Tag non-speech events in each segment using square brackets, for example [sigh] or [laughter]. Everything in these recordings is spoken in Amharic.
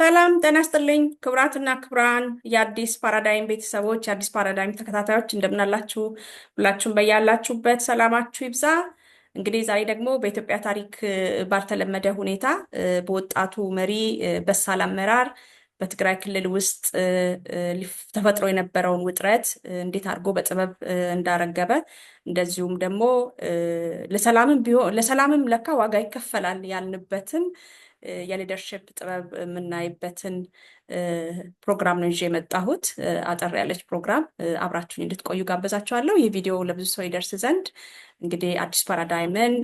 ሰላም ጤና ይስጥልኝ ክቡራትና ክቡራን የአዲስ ፓራዳይም ቤተሰቦች የአዲስ ፓራዳይም ተከታታዮች እንደምናላችሁ ሁላችሁም በያላችሁበት ሰላማችሁ ይብዛ። እንግዲህ ዛሬ ደግሞ በኢትዮጵያ ታሪክ ባልተለመደ ሁኔታ በወጣቱ መሪ በሳል አመራር በትግራይ ክልል ውስጥ ተፈጥሮ የነበረውን ውጥረት እንዴት አድርጎ በጥበብ እንዳረገበ እንደዚሁም ደግሞ ለሰላምም ለካ ዋጋ ይከፈላል ያልንበትን የሊደርሽፕ ጥበብ የምናይበትን ፕሮግራም ነው ይዤ የመጣሁት። አጠር ያለች ፕሮግራም አብራችሁን እንድትቆዩ ጋበዛችኋለሁ። ይህ ቪዲዮ ለብዙ ሰው ይደርስ ዘንድ እንግዲህ አዲስ ፓራዳይምን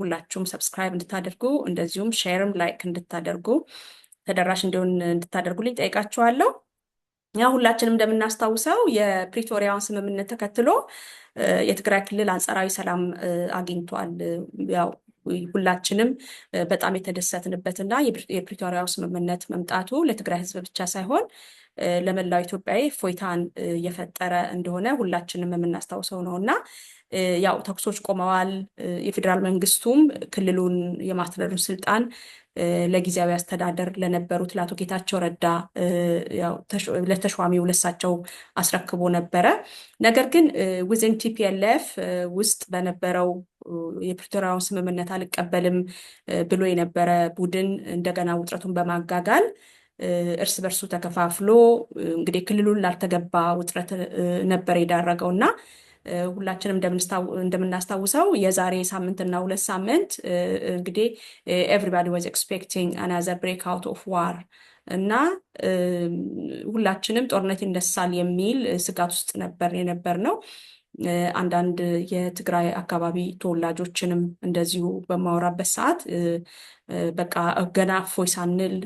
ሁላችሁም ሰብስክራይብ እንድታደርጉ እንደዚሁም ሼርም ላይክ እንድታደርጉ ተደራሽ እንዲሆን እንድታደርጉልኝ ጠይቃችኋለሁ። ያ ሁላችንም እንደምናስታውሰው የፕሪቶሪያውን ስምምነት ተከትሎ የትግራይ ክልል አንጸራዊ ሰላም አግኝቷል። ያው ሁላችንም በጣም የተደሰትንበትና የፕሪቶሪያው ስምምነት መምጣቱ ለትግራይ ሕዝብ ብቻ ሳይሆን ለመላው ኢትዮጵያዊ ፎይታን የፈጠረ እንደሆነ ሁላችንም የምናስታውሰው ነው እና ያው ተኩሶች ቆመዋል። የፌዴራል መንግስቱም ክልሉን የማስለሉ ስልጣን ለጊዜያዊ አስተዳደር ለነበሩት ለአቶ ጌታቸው ረዳ ለተሿሚው ለሳቸው አስረክቦ ነበረ። ነገር ግን ዊዝን ቲፒኤልኤፍ ውስጥ በነበረው የፕሪቶሪያውን ስምምነት አልቀበልም ብሎ የነበረ ቡድን እንደገና ውጥረቱን በማጋጋል እርስ በርሱ ተከፋፍሎ እንግዲህ ክልሉን ላልተገባ ውጥረት ነበር የዳረገው እና ሁላችንም እንደምናስታውሰው የዛሬ ሳምንትና ሁለት ሳምንት እንግዲህ ኤቭሪባዲ ወዝ ኤክስፔክቲንግ አናዘር ብሬክ አውት ኦፍ ዋር እና ሁላችንም ጦርነት ይነሳል የሚል ስጋት ውስጥ ነበር የነበር ነው። አንዳንድ የትግራይ አካባቢ ተወላጆችንም እንደዚሁ በማወራበት ሰዓት በቃ ገና እፎይ ሳንል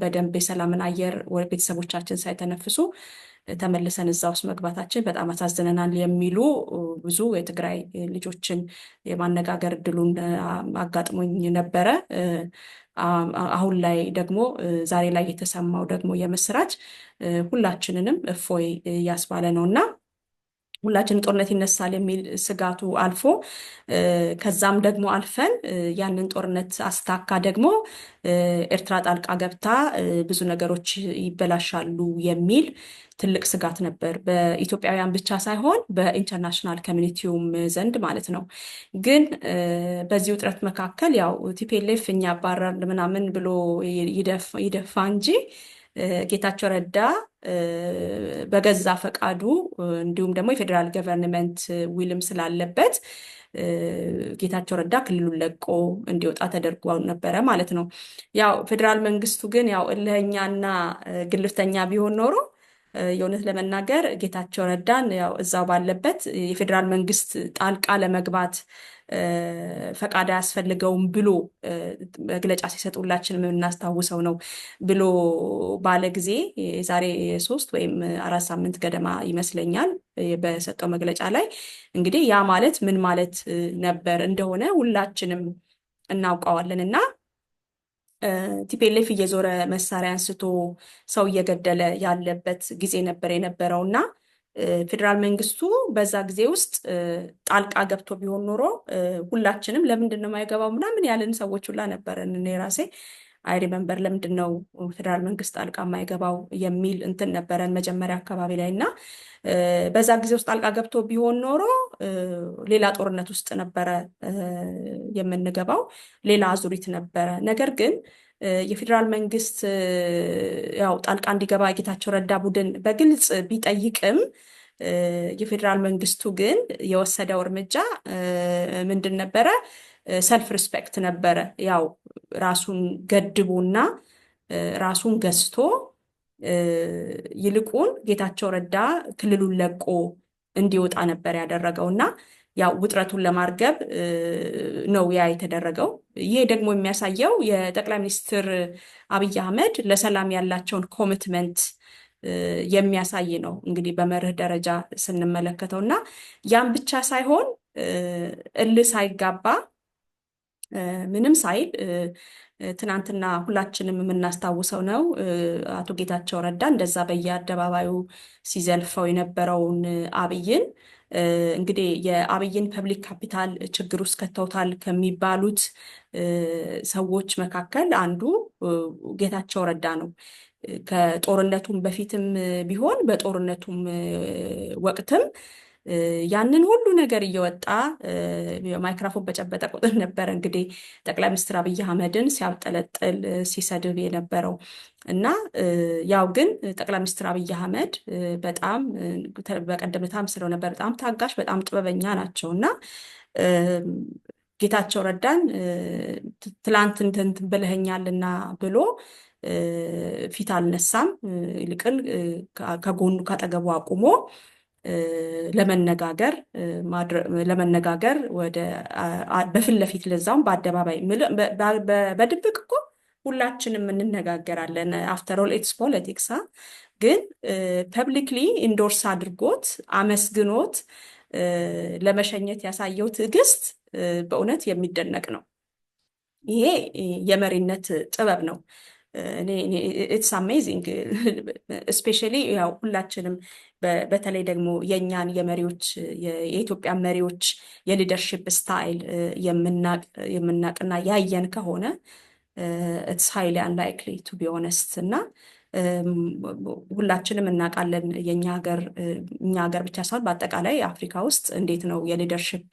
በደንብ የሰላምን አየር ቤተሰቦቻችን ሳይተነፍሱ ተመልሰን እዛ ውስጥ መግባታችን በጣም አሳዝነናል የሚሉ ብዙ የትግራይ ልጆችን የማነጋገር እድሉን አጋጥሞኝ ነበረ። አሁን ላይ ደግሞ ዛሬ ላይ የተሰማው ደግሞ የምስራች ሁላችንንም እፎይ እያስባለ ነው እና ሁላችንም ጦርነት ይነሳል የሚል ስጋቱ አልፎ ከዛም ደግሞ አልፈን ያንን ጦርነት አስታካ ደግሞ ኤርትራ ጣልቃ ገብታ ብዙ ነገሮች ይበላሻሉ የሚል ትልቅ ስጋት ነበር፣ በኢትዮጵያውያን ብቻ ሳይሆን በኢንተርናሽናል ኮሚኒቲውም ዘንድ ማለት ነው። ግን በዚህ ውጥረት መካከል ያው ቲፒኤልኤፍ እኛ አባረር ምናምን ብሎ ይደፋ እንጂ ጌታቸው ረዳ በገዛ ፈቃዱ እንዲሁም ደግሞ የፌዴራል ገቨርንመንት ዊልም ስላለበት ጌታቸው ረዳ ክልሉን ለቆ እንዲወጣ ተደርጎ ነበረ ማለት ነው። ያው ፌዴራል መንግስቱ ግን ያው እልህኛና ግልፍተኛ ቢሆን ኖሮ የእውነት ለመናገር ጌታቸው ረዳን ያው እዛው ባለበት የፌዴራል መንግስት ጣልቃ ለመግባት ፈቃድ አያስፈልገውም ብሎ መግለጫ ሲሰጡላችን የምናስታውሰው ነው ብሎ ባለ ጊዜ የዛሬ ሶስት ወይም አራት ሳምንት ገደማ ይመስለኛል በሰጠው መግለጫ ላይ እንግዲህ ያ ማለት ምን ማለት ነበር እንደሆነ ሁላችንም እናውቀዋለን እና ቲፔሌፍ እየዞረ መሳሪያ አንስቶ ሰው እየገደለ ያለበት ጊዜ ነበር የነበረው እና ፌዴራል መንግስቱ በዛ ጊዜ ውስጥ ጣልቃ ገብቶ ቢሆን ኖሮ ሁላችንም ለምንድን ነው የማይገባው ምናምን ያለን ሰዎች ሁላ ነበረን። እኔ ራሴ አይ ሪመምበር ለምንድን ነው ፌዴራል መንግስት ጣልቃ የማይገባው የሚል እንትን ነበረን መጀመሪያ አካባቢ ላይ እና በዛ ጊዜ ውስጥ ጣልቃ ገብቶ ቢሆን ኖሮ ሌላ ጦርነት ውስጥ ነበረ የምንገባው፣ ሌላ አዙሪት ነበረ። ነገር ግን የፌዴራል መንግስት ያው ጣልቃ እንዲገባ የጌታቸው ረዳ ቡድን በግልጽ ቢጠይቅም የፌዴራል መንግስቱ ግን የወሰደው እርምጃ ምንድን ነበረ? ሰልፍ ሪስፔክት ነበረ ያው ራሱን ገድቦና ራሱን ገዝቶ ይልቁን ጌታቸው ረዳ ክልሉን ለቆ እንዲወጣ ነበር ያደረገው እና ያው ውጥረቱን ለማርገብ ነው ያ የተደረገው። ይሄ ደግሞ የሚያሳየው የጠቅላይ ሚኒስትር አብይ አህመድ ለሰላም ያላቸውን ኮሚትመንት የሚያሳይ ነው። እንግዲህ በመርህ ደረጃ ስንመለከተው እና ያም ብቻ ሳይሆን እልህ ሳይጋባ ምንም ሳይል ትናንትና ሁላችንም የምናስታውሰው ነው። አቶ ጌታቸው ረዳ እንደዛ በየአደባባዩ ሲዘልፈው የነበረውን አብይን እንግዲህ የአብይን ፐብሊክ ካፒታል ችግር ውስጥ ከተውታል ከሚባሉት ሰዎች መካከል አንዱ ጌታቸው ረዳ ነው። ከጦርነቱም በፊትም ቢሆን በጦርነቱም ወቅትም ያንን ሁሉ ነገር እየወጣ ማይክራፎን በጨበጠ ቁጥር ነበረ እንግዲህ ጠቅላይ ሚኒስትር አብይ አህመድን ሲያብጠለጥል ሲሰድብ የነበረው እና ያው ግን ጠቅላይ ሚኒስትር አብይ አህመድ በጣም በቀደም ዕለታም ስለው ነበር በጣም ታጋሽ፣ በጣም ጥበበኛ ናቸው እና ጌታቸው ረዳን ትላንት እንትን ብለኸኛልና ብሎ ፊት አልነሳም። ይልቅን ከጎኑ ካጠገቡ አቁሞ ለመነጋገር ለመነጋገር ወደ በፊት ለፊት ለዛውም በአደባባይ በድብቅ እኮ ሁላችንም እንነጋገራለን። አፍተር ኦል ኢትስ ፖለቲክስ። ግን ፐብሊክሊ ኢንዶርስ አድርጎት አመስግኖት ለመሸኘት ያሳየው ትዕግስት በእውነት የሚደነቅ ነው። ይሄ የመሪነት ጥበብ ነው። ኢትስ አሜዚንግ እስፔሻሊ ያው ሁላችንም በተለይ ደግሞ የእኛን የመሪዎች የኢትዮጵያ መሪዎች የሊደርሽፕ ስታይል የምናቅና ያየን ከሆነ ኢትስ ሃይሊ አንላይክሊ ቱ ቢ ኦነስት እና ሁላችንም እናውቃለን። የእኛ ሀገር እኛ ሀገር ብቻ ሳይሆን በአጠቃላይ አፍሪካ ውስጥ እንዴት ነው የሊደርሽፕ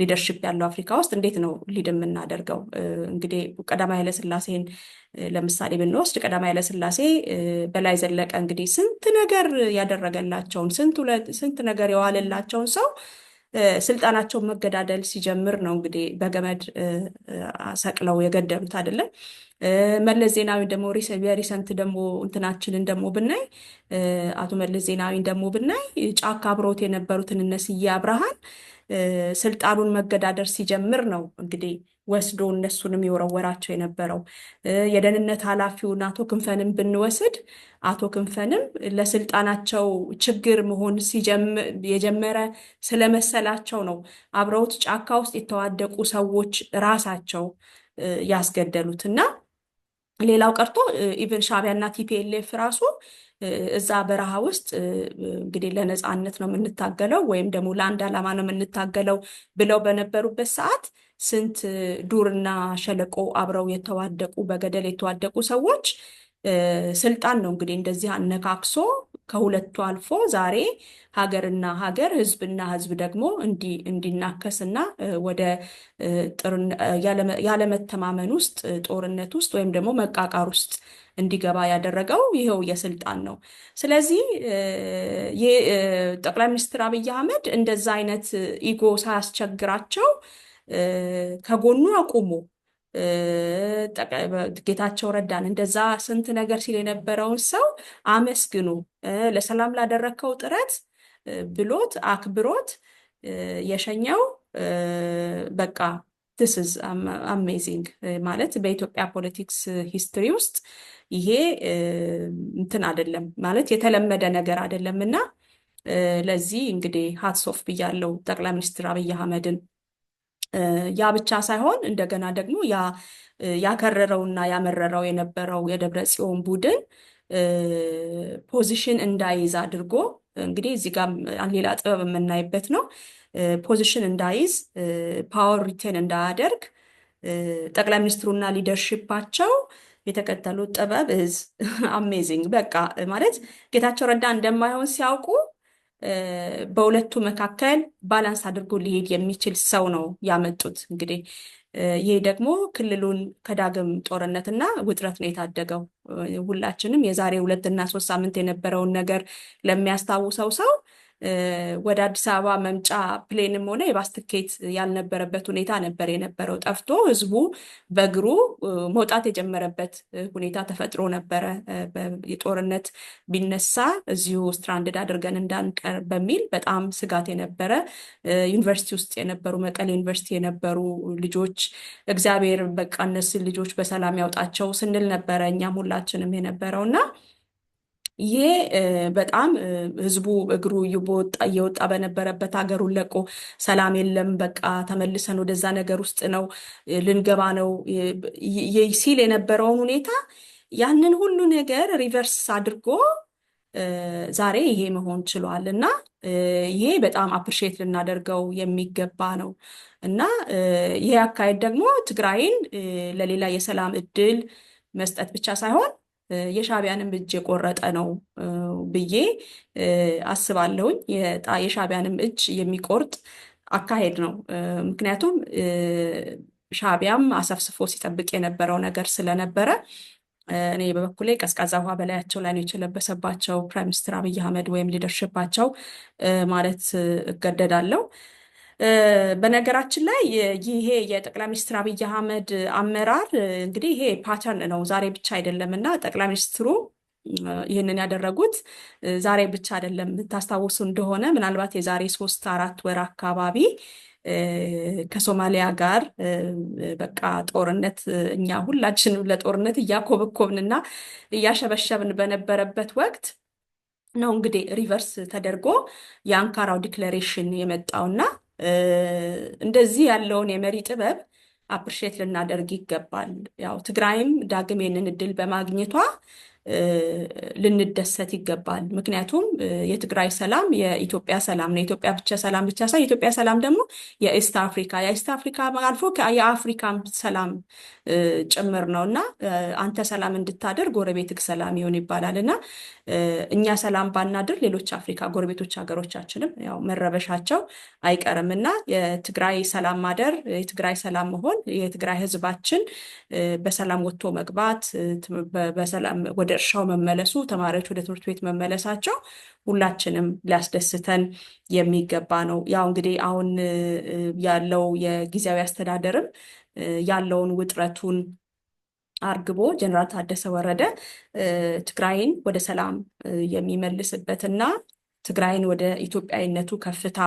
ሊደርሽፕ ያለው አፍሪካ ውስጥ እንዴት ነው ሊድ የምናደርገው? እንግዲህ ቀዳማዊ ኃይለሥላሴን ለምሳሌ ብንወስድ ቀዳማዊ ኃይለሥላሴ በላይ ዘለቀ እንግዲህ ስንት ነገር ያደረገላቸውን ስንት ነገር የዋለላቸውን ሰው ስልጣናቸውን መገዳደል ሲጀምር ነው እንግዲህ በገመድ ሰቅለው የገደሉት አይደለም። መለስ ዜናዊ ደግሞ የሪሰንት ደግሞ እንትናችንን ደግሞ ብናይ አቶ መለስ ዜናዊን ደግሞ ብናይ ጫካ አብረውት የነበሩትን እነ ስዬ አብርሃን ስልጣኑን መገዳደር ሲጀምር ነው እንግዲህ ወስዶ እነሱንም የወረወራቸው የነበረው የደህንነት ኃላፊውን አቶ ክንፈንም ብንወስድ አቶ ክንፈንም ለስልጣናቸው ችግር መሆን የጀመረ ስለመሰላቸው ነው አብረውት ጫካ ውስጥ የተዋደቁ ሰዎች ራሳቸው ያስገደሉት እና ሌላው ቀርቶ ኢቨን ሻቢያና ቲፒኤልኤፍ ራሱ እዛ በረሃ ውስጥ እንግዲህ ለነፃነት ነው የምንታገለው ወይም ደግሞ ለአንድ ዓላማ ነው የምንታገለው ብለው በነበሩበት ሰዓት ስንት ዱርና ሸለቆ አብረው የተዋደቁ በገደል የተዋደቁ ሰዎች ስልጣን ነው እንግዲህ እንደዚህ አነካክሶ ከሁለቱ አልፎ ዛሬ ሀገርና ሀገር ህዝብና ህዝብ ደግሞ እንዲናከስና ወደ ያለመተማመን ውስጥ ጦርነት ውስጥ ወይም ደግሞ መቃቃር ውስጥ እንዲገባ ያደረገው ይኸው የስልጣን ነው። ስለዚህ ጠቅላይ ሚኒስትር አብይ አህመድ እንደዛ አይነት ኢጎ ሳያስቸግራቸው ከጎኑ አቁሙ ጌታቸው ረዳን እንደዛ ስንት ነገር ሲል የነበረውን ሰው አመስግኑ፣ ለሰላም ላደረግከው ጥረት ብሎት አክብሮት የሸኘው በቃ ትስዝ ኢዝ አሜዚንግ ማለት በኢትዮጵያ ፖለቲክስ ሂስትሪ ውስጥ ይሄ እንትን አይደለም ማለት የተለመደ ነገር አይደለም እና ለዚህ እንግዲህ ሀትሶፍ ብያለው ጠቅላይ ሚኒስትር አብይ አህመድን ያ ብቻ ሳይሆን እንደገና ደግሞ ያ ያከረረውና ያመረረው የነበረው የደብረ ጽዮን ቡድን ፖዚሽን እንዳይዝ አድርጎ እንግዲህ እዚህ ጋር ሌላ ጥበብ የምናይበት ነው። ፖዚሽን እንዳይዝ ፓወር ሪቴን እንዳያደርግ ጠቅላይ ሚኒስትሩና ሊደርሽፓቸው የተከተሉት ጥበብ እዝ አሜዚንግ [laughs] በቃ ማለት ጌታቸው ረዳ እንደማይሆን ሲያውቁ በሁለቱ መካከል ባላንስ አድርጎ ሊሄድ የሚችል ሰው ነው ያመጡት። እንግዲህ ይህ ደግሞ ክልሉን ከዳግም ጦርነትና ውጥረት ነው የታደገው። ሁላችንም የዛሬ ሁለትና ሶስት ሳምንት የነበረውን ነገር ለሚያስታውሰው ሰው ወደ አዲስ አበባ መምጫ ፕሌንም ሆነ የባስ ትኬት ያልነበረበት ሁኔታ ነበር የነበረው። ጠፍቶ ህዝቡ በእግሩ መውጣት የጀመረበት ሁኔታ ተፈጥሮ ነበረ። የጦርነት ቢነሳ እዚሁ ስትራንድድ አድርገን እንዳንቀር በሚል በጣም ስጋት የነበረ ዩኒቨርሲቲ ውስጥ የነበሩ መቀሌ ዩኒቨርሲቲ የነበሩ ልጆች እግዚአብሔር በቃ እነሱን ልጆች በሰላም ያውጣቸው ስንል ነበረ እኛም ሁላችንም የነበረው እና ይሄ በጣም ህዝቡ እግሩ እየወጣ በነበረበት ሀገሩን ለቆ ሰላም የለም በቃ ተመልሰን ወደዛ ነገር ውስጥ ነው ልንገባ ነው ሲል የነበረውን ሁኔታ ያንን ሁሉ ነገር ሪቨርስ አድርጎ ዛሬ ይሄ መሆን ችሏል እና ይሄ በጣም አፕሪሼት ልናደርገው የሚገባ ነው እና ይሄ አካሄድ ደግሞ ትግራይን ለሌላ የሰላም እድል መስጠት ብቻ ሳይሆን የሻቢያንም እጅ የቆረጠ ነው ብዬ አስባለሁኝ። የሻቢያንም እጅ የሚቆርጥ አካሄድ ነው። ምክንያቱም ሻቢያም አሰፍስፎ ሲጠብቅ የነበረው ነገር ስለነበረ እኔ በበኩሌ ቀዝቃዛ ውሃ በላያቸው ላይ ነው የተለበሰባቸው ፕራይም ሚኒስትር አብይ አህመድ ወይም ሊደርሽፓቸው ማለት እገደዳለሁ። በነገራችን ላይ ይሄ የጠቅላይ ሚኒስትር አብይ አህመድ አመራር እንግዲህ ይሄ ፓተርን ነው፣ ዛሬ ብቻ አይደለም እና ጠቅላይ ሚኒስትሩ ይህንን ያደረጉት ዛሬ ብቻ አይደለም። ታስታውሱ እንደሆነ ምናልባት የዛሬ ሶስት አራት ወር አካባቢ ከሶማሊያ ጋር በቃ ጦርነት እኛ ሁላችንም ለጦርነት እያኮበኮብንና እያሸበሸብን በነበረበት ወቅት ነው እንግዲህ ሪቨርስ ተደርጎ የአንካራው ዲክለሬሽን የመጣውና እንደዚህ ያለውን የመሪ ጥበብ አፕሪሼት ልናደርግ ይገባል። ያው ትግራይም ዳግም ይህንን እድል በማግኘቷ ልንደሰት ይገባል። ምክንያቱም የትግራይ ሰላም የኢትዮጵያ ሰላም ነው። የኢትዮጵያ ብቻ ሰላም ብቻ ሳይሆን የኢትዮጵያ ሰላም ደግሞ የኢስት አፍሪካ የኢስት አፍሪካ አልፎ የአፍሪካም ሰላም ጭምር ነው እና አንተ ሰላም እንድታደር ጎረቤትህ ሰላም ይሆን ይባላል እና እኛ ሰላም ባናድር ሌሎች አፍሪካ ጎረቤቶች ሀገሮቻችንም ያው መረበሻቸው አይቀርም እና የትግራይ ሰላም ማደር የትግራይ ሰላም መሆን የትግራይ ህዝባችን በሰላም ወጥቶ መግባት ወደ እርሻው መመለሱ፣ ተማሪዎች ወደ ትምህርት ቤት መመለሳቸው ሁላችንም ሊያስደስተን የሚገባ ነው። ያው እንግዲህ አሁን ያለው የጊዜያዊ አስተዳደርም ያለውን ውጥረቱን አርግቦ ጀነራል ታደሰ ወረደ ትግራይን ወደ ሰላም የሚመልስበትና ትግራይን ወደ ኢትዮጵያዊነቱ ከፍታ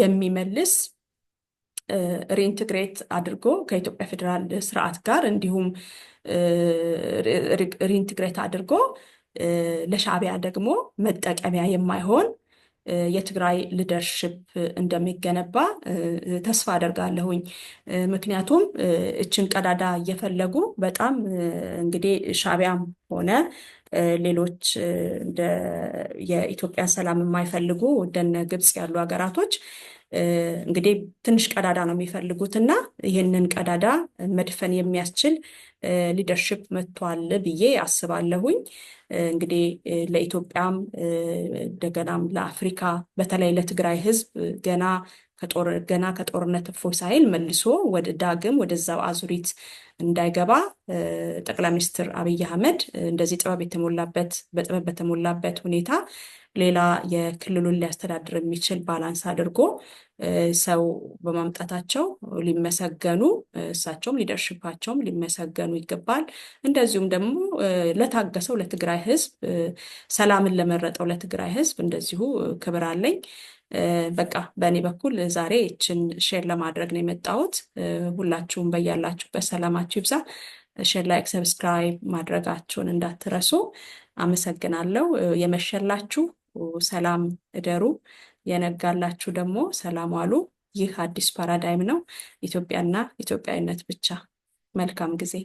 የሚመልስ ሪኢንትግሬት አድርጎ ከኢትዮጵያ ፌዴራል ስርዓት ጋር እንዲሁም ሪኢንትግሬት አድርጎ ለሻቢያ ደግሞ መጠቀሚያ የማይሆን የትግራይ ሊደርሽፕ እንደሚገነባ ተስፋ አደርጋለሁኝ። ምክንያቱም እችን ቀዳዳ እየፈለጉ በጣም እንግዲህ ሻቢያም ሆነ ሌሎች እንደ የኢትዮጵያን ሰላም የማይፈልጉ እንደነ ግብጽ ያሉ ሀገራቶች እንግዲህ ትንሽ ቀዳዳ ነው የሚፈልጉት እና ይህንን ቀዳዳ መድፈን የሚያስችል ሊደርሽፕ መጥቷል ብዬ አስባለሁኝ። እንግዲህ ለኢትዮጵያም እንደገናም ለአፍሪካ በተለይ ለትግራይ ሕዝብ ገና ገና ከጦርነት እፎይ ሳይል መልሶ ወደ ዳግም ወደዛው አዙሪት እንዳይገባ ጠቅላይ ሚኒስትር አብይ አህመድ እንደዚህ ጥበብ የተሞላበት በጥበብ በተሞላበት ሁኔታ ሌላ የክልሉን ሊያስተዳድር የሚችል ባላንስ አድርጎ ሰው በማምጣታቸው ሊመሰገኑ እሳቸውም ሊደርሽፓቸውም ሊመሰገኑ ይገባል። እንደዚሁም ደግሞ ለታገሰው ለትግራይ ሕዝብ ሰላምን ለመረጠው ለትግራይ ሕዝብ እንደዚሁ ክብር አለኝ። በቃ በእኔ በኩል ዛሬ ይችን ሼር ለማድረግ ነው የመጣሁት። ሁላችሁም በያላችሁበት ሰላማችሁ ይብዛ። ሼር፣ ላይክ፣ ሰብስክራይብ ማድረጋችሁን እንዳትረሱ። አመሰግናለሁ። የመሸላችሁ ሰላም እደሩ፣ የነጋላችሁ ደግሞ ሰላም ዋሉ። ይህ አዲስ ፓራዳይም ነው። ኢትዮጵያና ኢትዮጵያዊነት ብቻ። መልካም ጊዜ